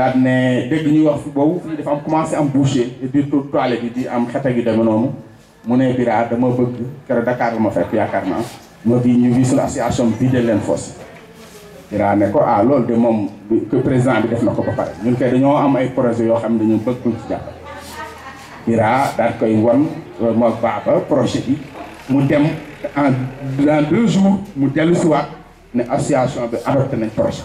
daal ne dégg ñuy wax fi boobu fii dafa am commencé am bouché biir toilette bi di am xete gi demee noonu mu ne Bira dama bëgg keroog Dakar la ma fekk yaakaar naa ma bi ñu ngi suñu association bi de len foos Bira ne ko ah lool de mom que président bi def nako ko ba pare ñun kay dañoo am ay projet yo xam dañu bëgg kuñ ci jàppale Bira da koy won euh, mo baaba projet bi mu dem en dans deux jours mu dellu ci waat ne association bi adopté nañ projet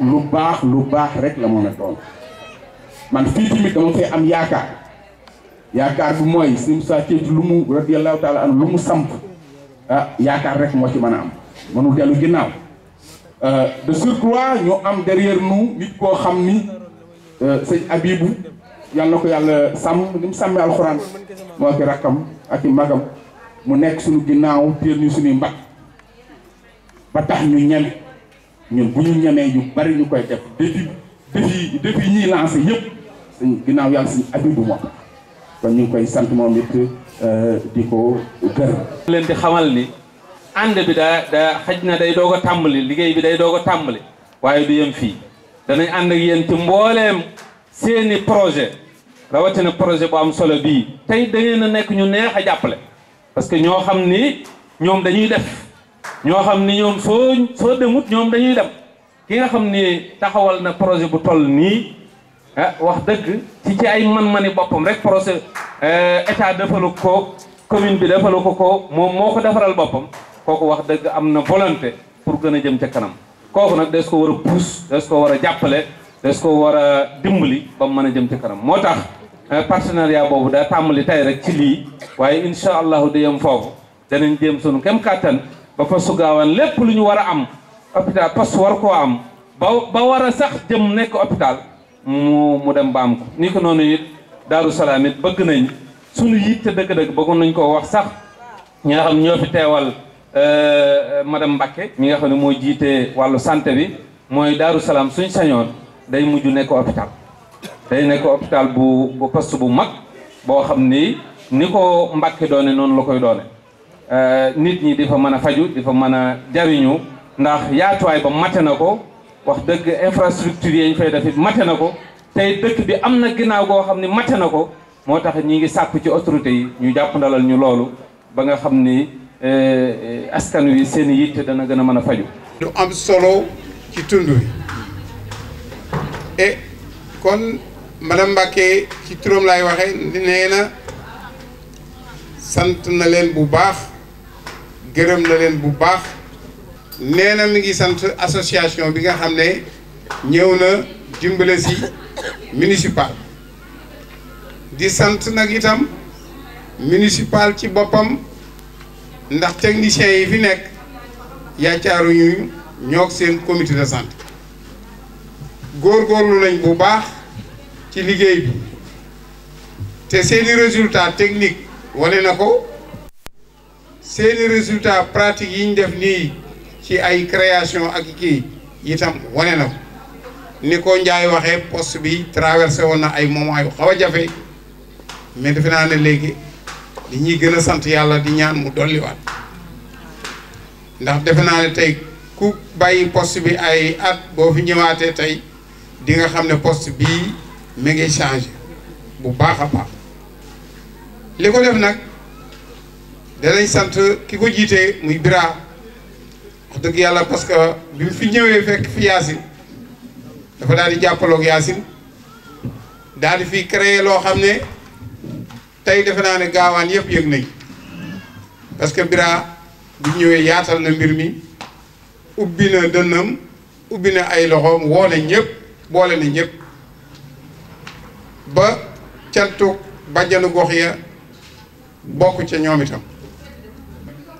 lu bax lu bax rek la mën a doon man fi tamit dama fay am yaakaar yaakaar bu moy sim sa ci lu mu radiyallahu taala an lu mu samp ah yaakaar rek mo ci mën am am delu ginnaw euh de surcroît ñu am derrière nous nit ko xamni euh seigne Abibu yalla na ko yàlla sàmm ni mu sàmmee alxuraan moo ki rakam ak magam mu nek suñu ginnaw teer ñu suñu mbak ba tax ñu ñeme ñun bu ñu ñemee ñu bari ñu koy def depuis depuis depuis ñuy lancé yëpp suñ ginnaaw kon ñu ngi koy sant moom it euh, di ko gër leen di xamal ni ànd bi daa xaj na day doog a tàmbali liggéey bi day doog a tàmbali waaye du yem fii danañ ànd ak yéen mbooleem seeni projet rawatina projet boo am solo bii tey da ngeen a nekk ñu neex a jàppale parce que ñoo xam ni ñoom dañuy def ñoo xam ni ñoom foo foo demut ñoom dañuy dem ki nga xam ni taxawal na projet bu toll nii ah wax dëgg ci ci ay man-mani boppam rek projet eh, état defalu ko commune bi defalu ko ko moom moo ko defaral boppam kooku wax dëgg am na volonté pour gën a jëm ca kanam kooku nag des ko war a pousse des ko war a jàppale des ko war a dimbali ba mu mën a jëm ca kanam moo tax eh, partenariat boobu daa tàmbali tey rek ci lii waaye incha allahu di yem foofu danañ jéem sunu kem kàttan ba fa gaawaan lépp lu ñu wara am hôpital pass war ko am ba ba war sax dem nek hôpital mu mu dem bam ko ni ko noonu it Daaru Salaam bëgg nañ suñu yitte dëgg-dëgg bëggu nañ ko wax sax ñi nga xam ñoo fi euh, euh madame mbacké mi nga xam ne moo jiite santé bi moy daru salam suñ sañoon day muju nek hôpital day nek hôpital bu bu pass bu mag bo xamni ni mbacké ko doone non la koy doone Euh, nit ñi di fa mën a faju di fa mën a jariñu ndax yaatuwaay ba mate na ko wax dëgg infrastructure yi ñu fay def mate na ko tey dëkk bi am na ginnaaw koo xam ne mate na ko moo tax ñi ngi sàkku ci autorité yi ñu jàpp ndalal ñu loolu ba nga xam ni euh, askan wi seen yitte dana gën a mën a faju lu am solo ci tund wi e kon madame Mbacke ci turam laay waxe nee na sant na leen bu baax gërëm na leen bu baax nee na mi ngi sant association bi nga xam ne ñëw na dimbale si municipal di sant nag itam municipal ci boppam ndax techniciens yi fi nekk yaacaaruñu ñoog seen comité de santé góorgóorlu lañ bu baax ci liggéey bi te seeni résultat technique wane na ko seeni résultat pratique yi ñu def nii ci ay création ak kii itam wane na ko ni ko Njaay waxee poste bi traversé woon na ay moment yu xaw a jafe mais defe naa ne léegi li ñuy gën a sant yàlla di ñaan mu dolliwaat ndax defe naa ne tey ku bàyyi post bi ay at boo fi ñëwaatee tey di nga xam ne post bi mi ngi changé bu baax a li ko def nag. danañ sant ki ko jiitee muy Bira wax dëgg yàlla parce que bi mu fi ñëwee fekk fi Yaasin dafa daal di jàppaloog Yaasin daal di fi créer loo xam ne tey defe naa ne gaawaan yëpp yëg nañ parce que Bira bi ñëwee yaatal na mbir mi ubbi na dënnam ubbi na ay loxoom woo na ñëpp boole na ñëpp ba cantu bàjjanu gox ya bokk ca ñoom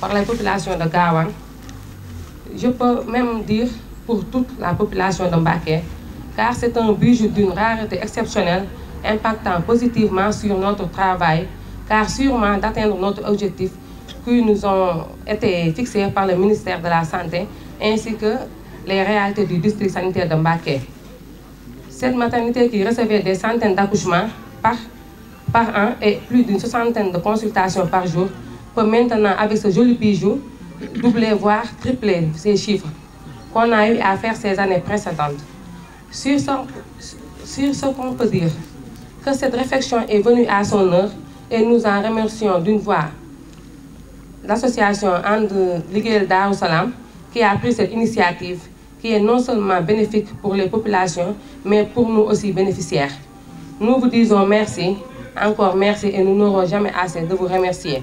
par la population de Gawang. Je peux même dire pour toute la population de Mbaké, car c'est un budget d'une rareté exceptionnelle impactant positivement sur notre travail, car sûrement d'atteindre notre objectif qui nous ont été fixés par le ministère de la Santé, ainsi que les réalités du district sanitaire de Mbaké. Cette maternité qui recevait des centaines d'accouchements par, par an et plus d'une soixantaine de consultations par jour peut maintenant, avec ce joli bijou, doubler, voire tripler ces chiffres qu'on a eu à faire ces années précédentes. Sur ce, sur ce qu'on peut dire, que cette réflexion est venue à son heure et nous en remercions d'une voix l'association Ande Liguel Darussalam qui a pris cette initiative qui est non seulement bénéfique pour les populations, mais pour nous aussi bénéficiaires. Nous vous disons merci, encore merci et nous n'aurons jamais assez de vous remercier.